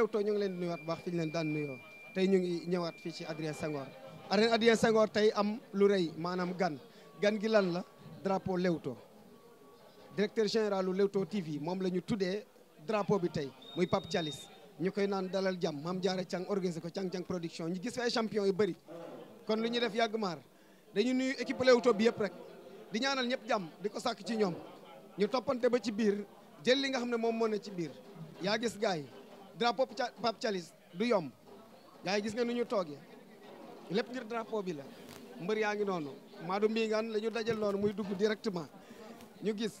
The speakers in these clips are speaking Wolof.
Leewtoo ñoo ngi leen di nuyuwaat baax fi ñu leen daan nuyoo tey ñu ngi ñëwaat fii ci Adrien Senghor arène Adrien Senghor tey am lu rëy maanaam gan gan gi lan la drapo Leewtoo directeur généralu lu Leewtoo TV moom la ñu tuddee drapeau bi tey muy Pape calis ñu koy naan dalal jàmm Mame Diarra Thiang organisé ko Thiang Thiang production ñu gis fa ay champion yu bëri kon lu ñu def yàgg maar dañu nuyu équipe Leewtoo bi yëpp rek di ñaanal ñëpp jàmm di ko sàkk ci ñoom ñu toppante ba ci biir jël li nga xam ne moom moo ne ci biir yaa gis gars yi drapeau Pape calis du yomb yaa ngi gis nga nu ñu toogee lépp ngir drapeau bi la mbër yaa ngi noonu Madou Mbingane la lañu dajal noonu muy dugg directement ñu gis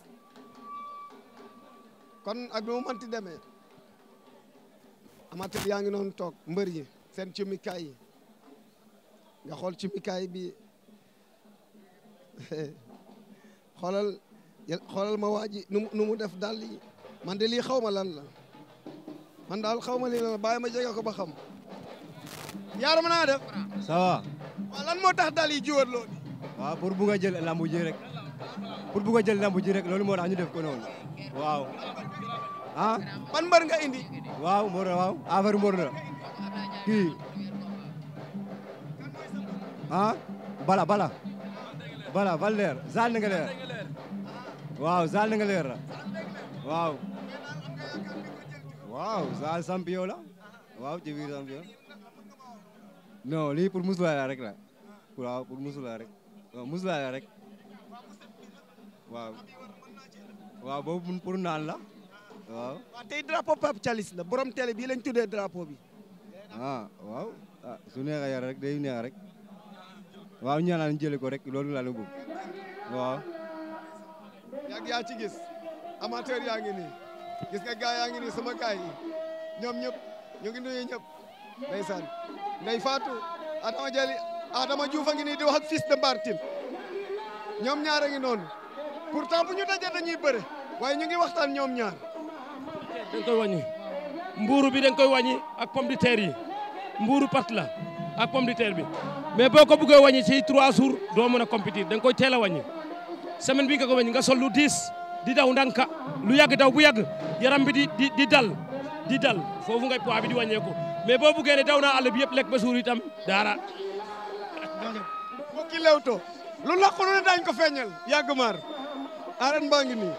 kon ak nu mu mënti demee amateur yaa ngi noonu toog mbër yi seen cumikaay yi nga xool cumikaay bi xoolal xoolal ma waa ji nu mu def dàll yi man de lii xaw ma lan la man daal xaw ma lii la ma jege ko ba xam. yaaram naa def. ça lan moo tax daal yi jiwoon loolu. waaw pour bugg a jël lambu ji rek pour bugg a jël lambu ji rek loolu moo tax ñu def ko noonu waaw. ah. ban mbër nga indi. waaw mbër la waaw affaire mbër la kii ah bala bala bala Valder zaal na nga leer waaw zaal na nga leer la waaw. waaw sa champion la waaw ci biir champion non lii pour musulaay la rek la waaw pour musulaay rek waaw musulaay la rek waaw waaw boobu pour naan la waaw. waaw tey drapeau Pape Thialis la borom télé bii lañ tuddee drapeau bi. ah waaw ah, su neexee yàlla rek day nee rek waaw ñaanal jële ko rek loolu laa la bëgg waaw. yàgg yaa ci yaa ngi nii. gis nga gaa yaa ngi nii sama gaa yi ñoom ñëpp ñoo ngi nuyu ñëpp ndeysaan ndey Fatou Adama Jali Adama Diouf a ngi nii di wax ak fils de Mbartin ñoom ñaar a ngi noonu pourtant bu ñu a dañuy bëre waaye ñu ngi waxtaan ñoom ñaar dañ koy wañi mbuuru bi dañ koy wàññi ak pomme de terre yi mbuuru pat la ak pomme de terre bi mais boo ko bëggee wàññi ci trois jours doo mën a compétir da nga koy teel a wàññi bi nga ko wàññi nga sol lu diis di daw ndanka lu yàgg daw bu yàgg yaram bi di di di dal di dal foofu ngay poids bi di wàññeeku mais boo buggee ne daw naa àll bi yëpp lekk ba suur itam daara. mbokki Leewtoo lu laqu lu ne daañu ko feeñal yàgg maar arène baa ngi nii.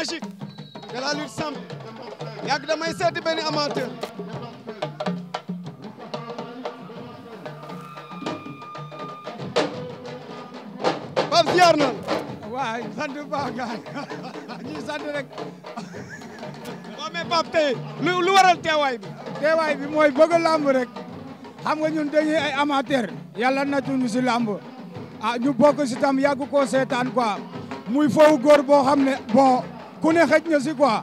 magique de la lutte simple yàgg damay seeti benn amateur Pape ziar na waay sant baax gaay ñuy sant rek waaw mais tey lu waral teewaay bi teewaay bi mooy bëgg làmb rek xam nga ñun dañuy ay amateur yàlla natuñu si ah, ñu bokk si tam yàgg koo seetaan quoi muy foofu góor boo xam ne ku ne xëj na si quoi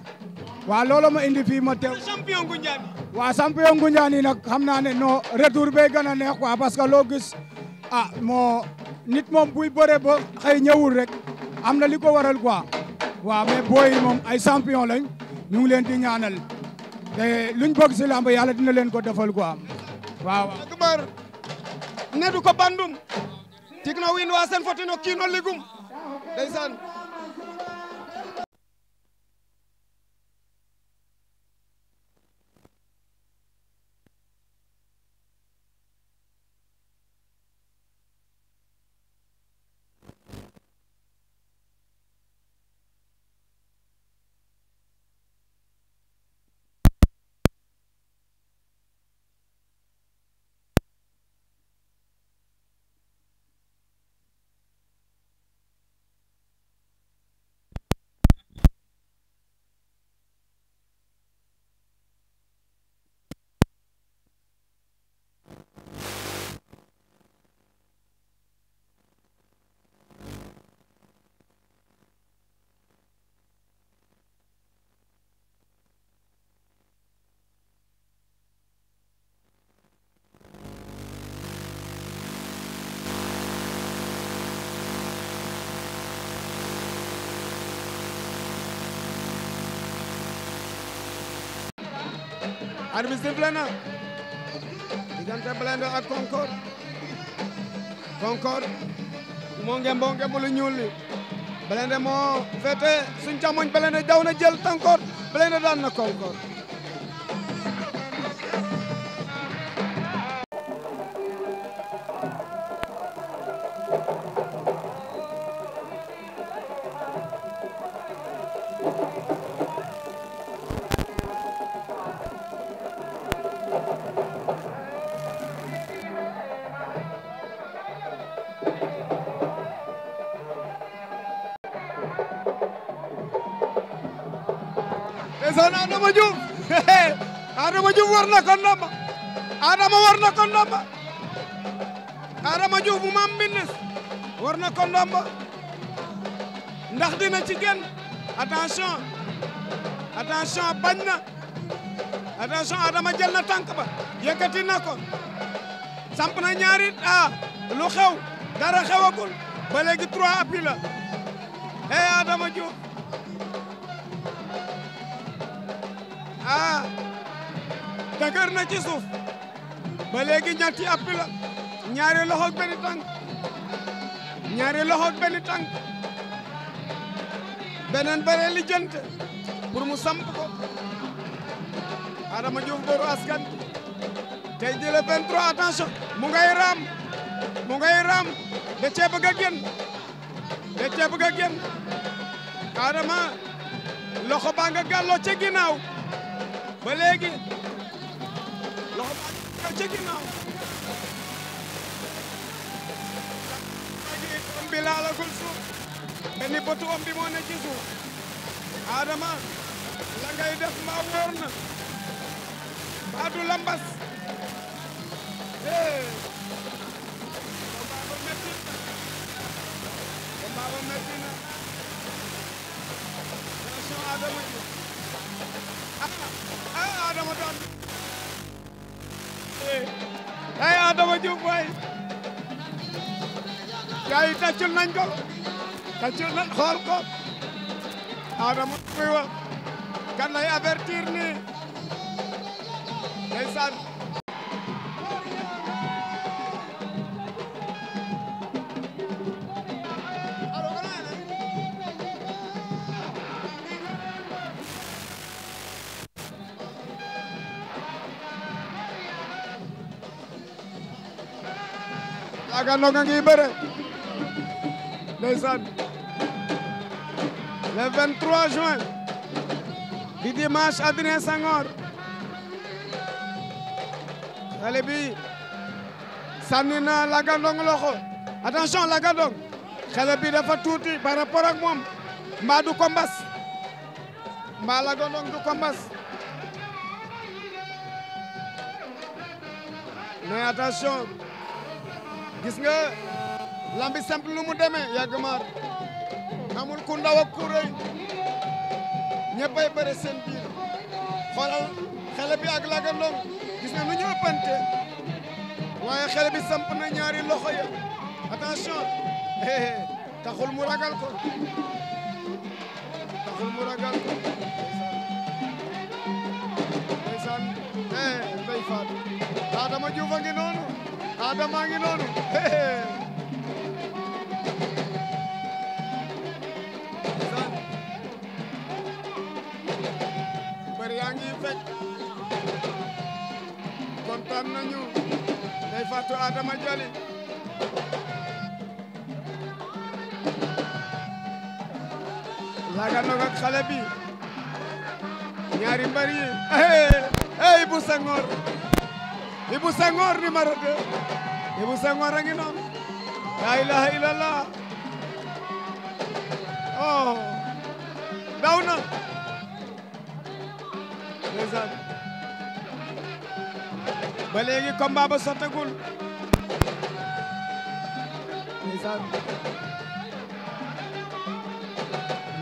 waaw loolu ma indi fii ma teew. champion Ngoundiane. waaw champion Ngoundiane nag xam naa ne non retour bee gën a neex quoi parce que loo gis ah, moo nit moom buy bëree ba xëy ñëwul rek am na li ko waral quoi waa mais booy yi moom ay champion lañ ñu leen di ñaanal te luñ bëgg si làmb yàlla dina leen ko defal quoi waaw. akbar nedu arbitre sifflé na diggante Blindé ak Concorde Concorde moo ngem boo ngem lu ñuul li Blindé moo féete suñ càmmoñ Blindé daw na jël Concorde Blindé daan na Concorde Adama Diouf Adama Diouf war na ko ndomba Adama war na ko ndomba Adama Diouf bu maam Mbindes war na ko ci génn attention attention bañ na attention Adama jël na tànk na ko samp na ñaari a lu xew dara xewagul ba léegi trois appuis la Adama Diouf ah dëgër na ci suuf ba léegi ñetti app ñaari loxo ak benn tànk ñaari loxo benn tànk beneen bare li jënt mu samp ko Adama Diouf dooru askan tey jële 23 attention mu ngay raam mu ngay raam da cee bëgg a génn da Adama loxo baa nga gàlloo ca ginnaaw ba léegi loxo ba ca ginnaaw léegi om bi laalagul suuf benn bëtu om bi moo ne ci suuf Adama la ngay def maa wóor na baatu lambas ee combat ba metti na combat ba metti na attention Adama Adama Diouf waay gaa yi tàccul nañ ko tàccul nañ xool ko Adama muy wax kan lay avertir nii Aga Ndongo ngi bëre le juin di dimanche Adrien Senghor xale bi sànni na loxo attention Laga Ndong xale tuuti par rapport moom mbaa du ko mbaa Laga du ko mbas mais gis nga lambi simple lu mu demee yàgg maar amul ku ndaw ak ku rëy ñëppay xoolal xale bi ak Laga gis nga nu ñu waaye xale bi na ñaari loxo ya taxul mu ragal taxul mu ragal ko ndeysaan ndeysaan eh, Ndey Fatou Adama Diouf Adama ngi noonu mbër yaa ngi kontaan nañu day Adama Jali laaga noog ak xale bi ñaari mbër yi ey Ibou Senghor numéro 2 Ibou Senghor a ngi noonu la ilaha illallah oh daw na ndeysaan ba léegi combat ba sottagul ndeysaan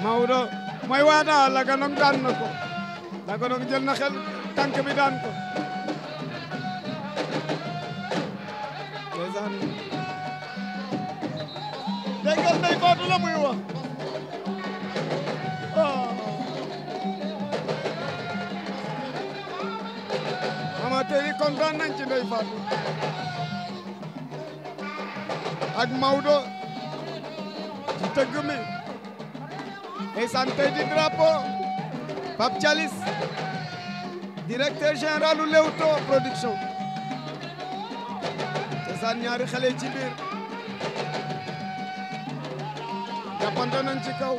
Maodo waa daal la ganong daan na ko la ganong jël na xel tànk bi daan ko loolu la muy wax ah. amateur yi kontaan nañ ci Ndeye Fatou ak Maodo ci tëgg mi ndeysaan tey di drapeau Pape Thialis directeur général u Leewtoo production ñaari xale ci biir jàppante nañ ci kaw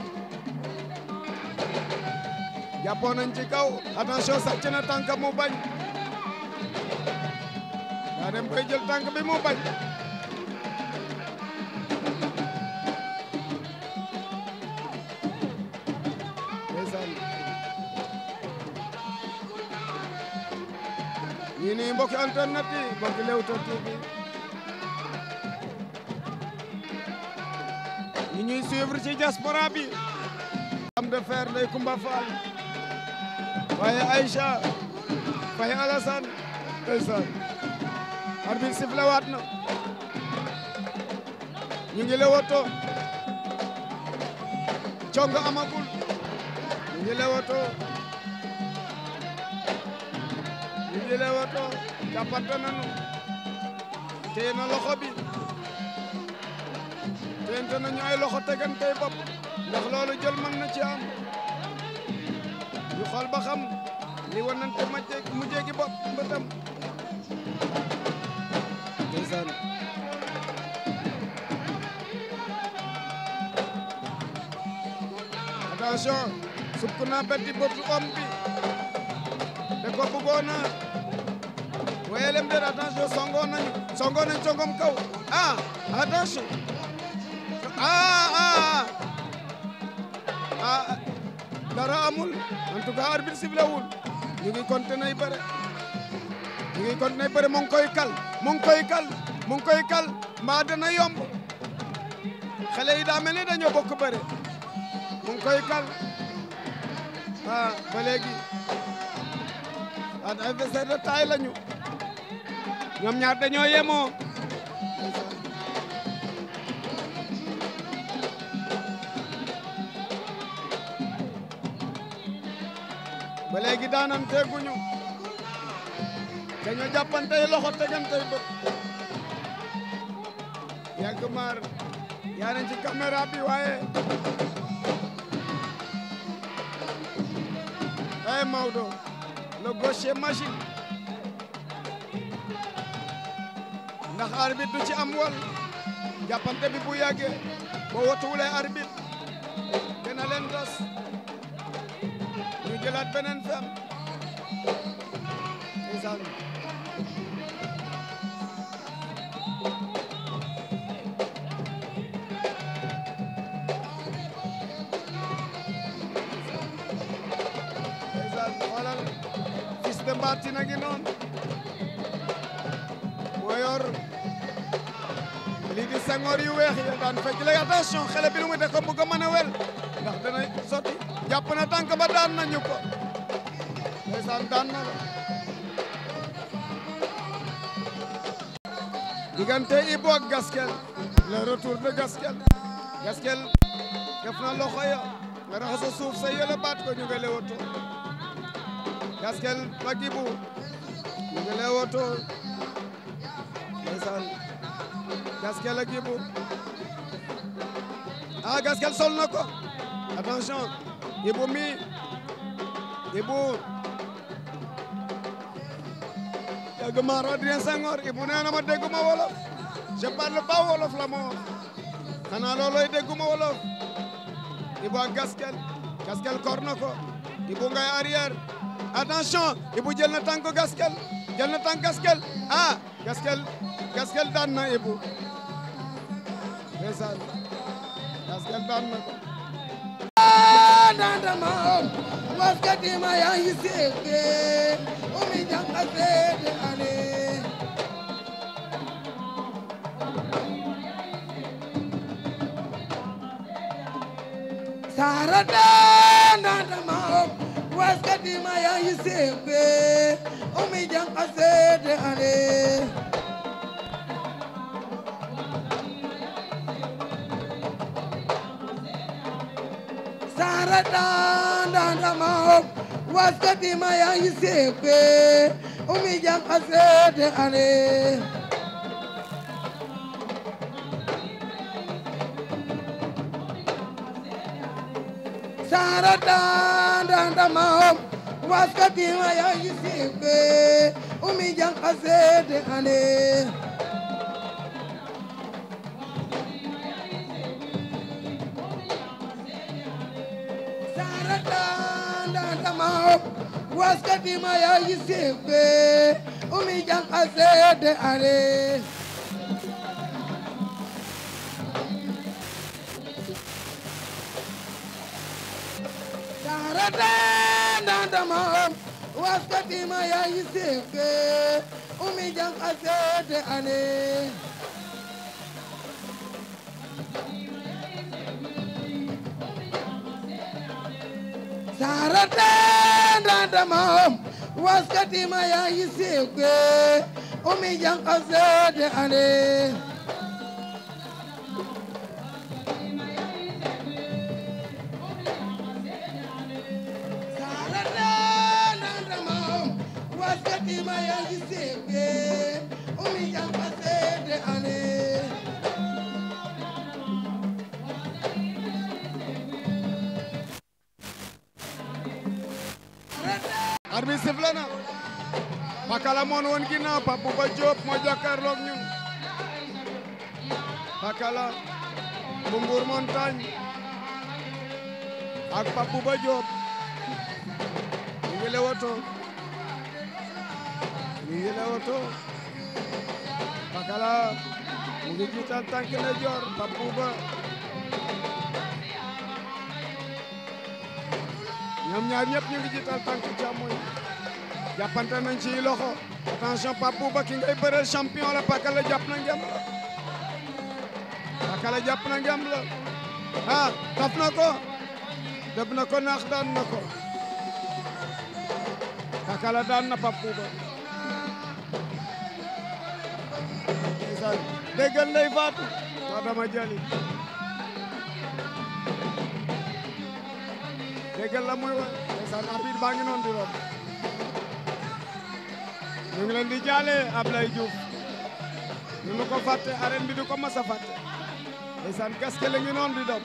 jàppoon nañ ci kaw attention sàcc na tànk mu bañ daa dem koy jël tànk bi mu bañ ndeysaan ñii nii mbokki internet yi mbokki Leewtoo TV suivre ci diaspora bi am de fer Ndeye Coumba Fall waaye Aïcha Faye Alassane ndeysaan arbitre sifflé waat na ñu ngi lewoto cong amagul ñu ngi lewoto ñu ngi lewoto jàppante nañu téye na loxo bi werente nañu ay loxo tegantey bopp ndax loolu jël mën na ci am ñu xool ba xam li wanante mujjee mujjee gi bopp mbëtam ndeysaan attention sukk naa betti boppu om bi te ko bëggoon na wayelem déet attention songoon nañu songoon nañu songom kaw ah attention Ah, ah ah dara amul en tout cas arbitre sifflé wul ñu ngi continué bëre ñu ngi continué bëre mu ngi koy kal mu ngi koy kal mu ngi koy kal mbaa dana yomb xale yi daa mel ni dañoo bokk bëre mu ngi koy kal ah ba léegi ah adversaire de taille lañu ñoom ñaar dañoo yemoo. daanante guñu dañoo jàppantey loxo tegantey bët yàgg maar yaa nañ ci caméra bi waaye ay eh, Maodo le gaucher magique ndax arbitre du ci am wal jàppante bi bu yàggee boo wotuwulee arbitre jëlaat beneen fem ndeysaan xoolal fils de Mbatina gi noon moo yor lii di sangoor yu weex ya daan fecc léegi attention xale bi lu muy def ko bëgg a mën a wel ndax dana jàpp na tànk ba daan nañu ko ndeysaan daan na la diggante Ibou ak le retour de Gaskel Gaskel def na loxo ya nga raxas suuf sa yële baat ko ñu ngi lewoto Gaskel ak Ibou ñu ngi lewoto ndeysaan ah, sol na ko attention Debbo mi Debbo Yagmar Adrien Senghor Ibou nee na ma dégguma wolof je parle pas wolof la moo xanaa looloy dégguma wolof Ibou ak Gaskel Gaskel kor na ko Ibou ngay arrière attention Ibou jël na tànk Gaskel jël na tànk Gaskel ah Gaskel Gaskel daan na Ibou ndeysaan Gaskel daan na dandamam waskatima yahi seke omi janga sede ale sara dandandamam waskatima yahi seke omi janga sede ale tààrà dandan damaw wasta dima yayi seekwe umi jam aseede ale umi jam aseede ale waskadima ya yisifɓe umi jam a seede are darata dandama waskadima ya yisifɓe umi jam a seede are sarata dadama waskati ma ya yisi kwe umi jang kasede ale la moon woon ginnaaw Pape Bouba Diop moo jàkkaarloog ñun Pakala bu Mbour Montagne ak Pape Bouba Diop ñu ngi lewoto ñu ngi lewoto Pakala mu ngi jiital tànk ne joor Pape Bouba ñoom ñaar ñëpp ñu ngi jiital tànk càmmoñ jàppante nañ ci loxo attention Pape Bouba ki ngay bëreel champion la Pakala jàpp na ngemb la Pakala jàpp na ngemb la ah, na ko dëb na ko naax daan na ko Pakala daan na Pape Bouba déggal ndey faatu madama jali déggal la muy wax ndeysaan arbitre baa ngi noonu di roon ñu ngi leen jaale Ablaye Diouf ñu nu ko fàtte arène bi du ko mas a fàtte ndeysaan a ngi noonu di dox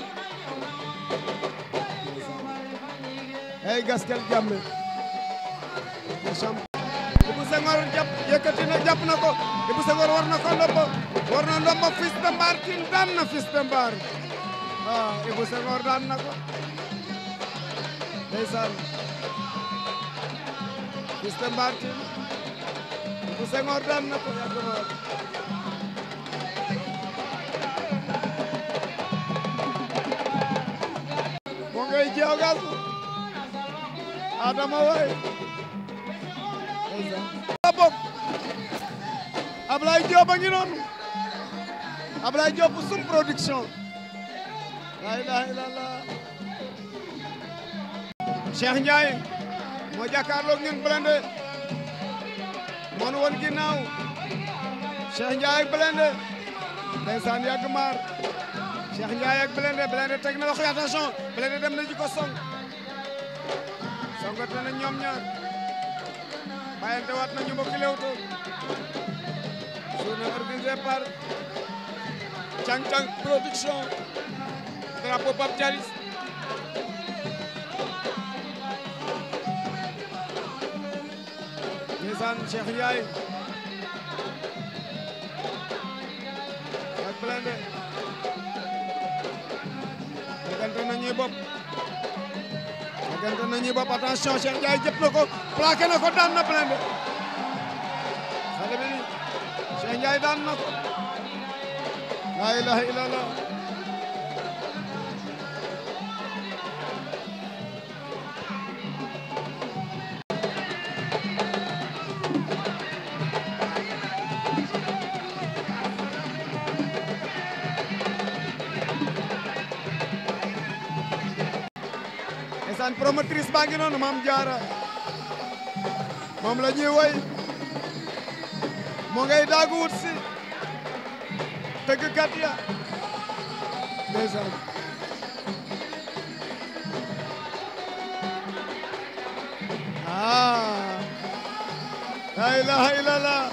hey gaskel jàmme Ibou Senghor jàpp yëkkati na na ko Ibou Senghor war na ko ndombo war na daan na fils de mbaar ah, daan na ko ndeysaan fils de Senghor daan na ko mo ngay jeew gas Adama way la bokk Ablaye Diop a ngi noonu Ablaye Diop sum production la ilaha illallah Cheikh Ndiaye moo jàkkaarloo ngeen Blindé moonu woon ginnaaw Cheikh Ndiaye ak Blindé ndeysaan yàgg maar Cheikh Ndiaye ak Blindé Blindé teg na dem na ji ko song songat na ñoom ñaar bàyyante waat na ñu mbokki Leewtoo journée organisée par Cang Cang production drapeau Pape ndeysaan Cheikh Ndiaye ak Blindé na ko plaqué na ko daan na Blindé xale bi Cheikh daan na ko la ilaha promotrice baa ngi noonu maam jaara moom la ñuy woy mu ngay daagu wut si tëggkat ya ndeysaan ah la ilaha illallah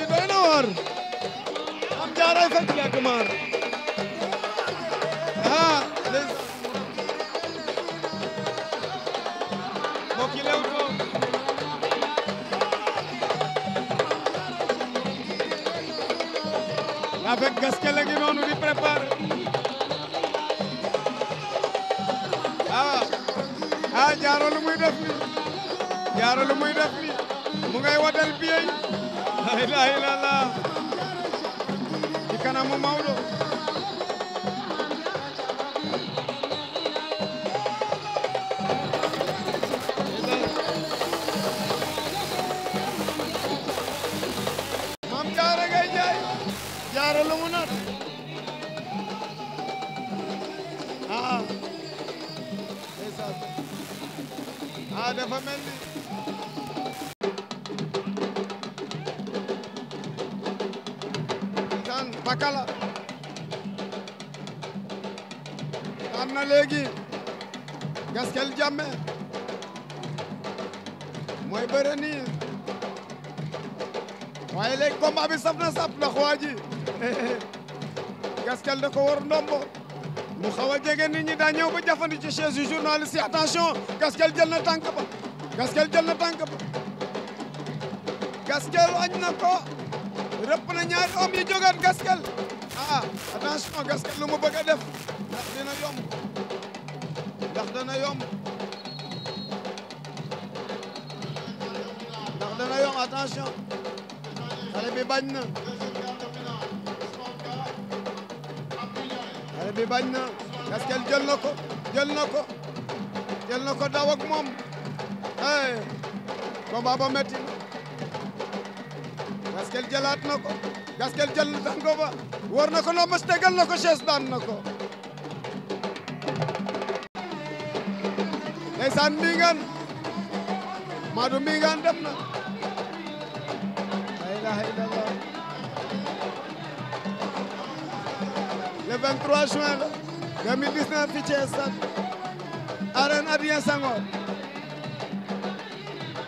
i doy na waar am jaaray fekk yàgg maar jaara lu muy def ni mu ngay wadal biyey la ilaha illallah ci kanamu Maodo Diourbel da ko war ndombo mu xaw a jege daa ñëw ba jafandu ci chaise yi attention Gaskel jël na tànk ba Gaskel jël na tànk ba Gaskel wañ na ko rëpp na ñaari om yi jógaat Gaskel ah, ah attention Gaskel lu mu bëgg a def ndax dina yomb ndax dana yomb ndax dana yomb attention xale bi bañ na bi bañ na Gaskel jël na jël na jël na ko moom hey combat ba metti na Gaskel jëlaat na jël na tàngo war na ko no mas tegal na daan na ko ndeysaan mbingaan Maadu mbingaan dem na la ilaha illallah le 23 juin la 2019 fii ci stade arène Adrien Senghor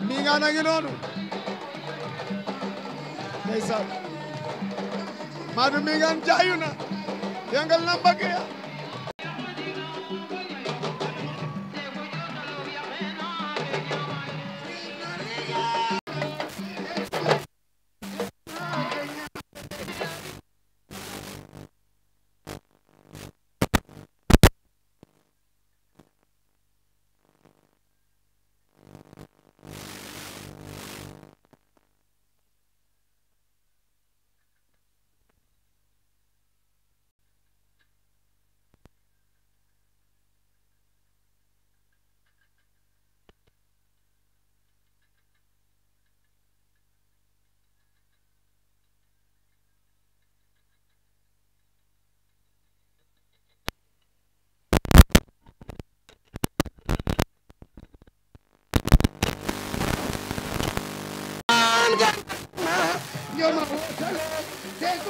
mi nga nangi noonu ndeysaan Madou mi nga jaayu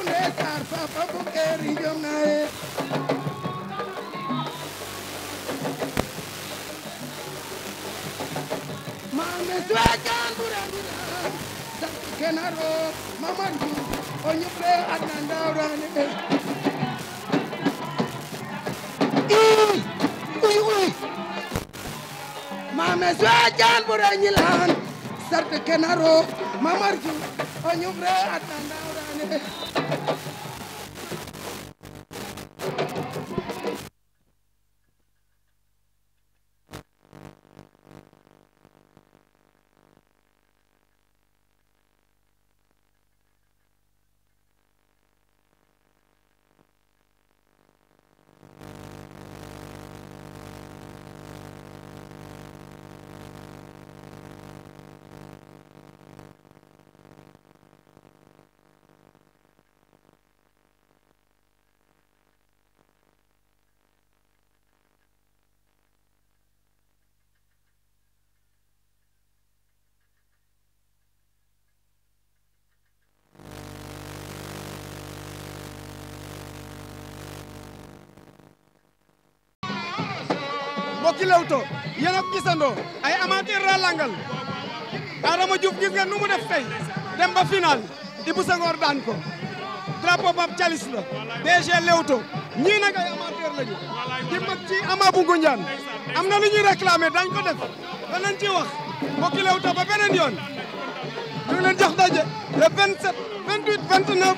Ndeysaar papa bu keeri jongaye maame suwekan burandira kenaro mamandu o ñuple adna ndawrane uy uy uy maame suwekan burañilan sarte kenaro mamarju o ñuple adna ndawrane mbokki Leewtoo yéen a gisandoo ay amateur la langal Adama Diouf gis nga nu mu def tey dem ba final Ibou Senghor daan ko drapeau Pape Thialis la DG Leewtoo ñii nag ay amateur lañu di mag ci Ama bu Ngunjaan am na lu ñuy réclamer dañ ko def danañ ci wax mbokki ba beneen yoon ñu ngi leen daje le 27 28 29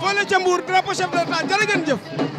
foo le ca Mbour drapeau chef de jëf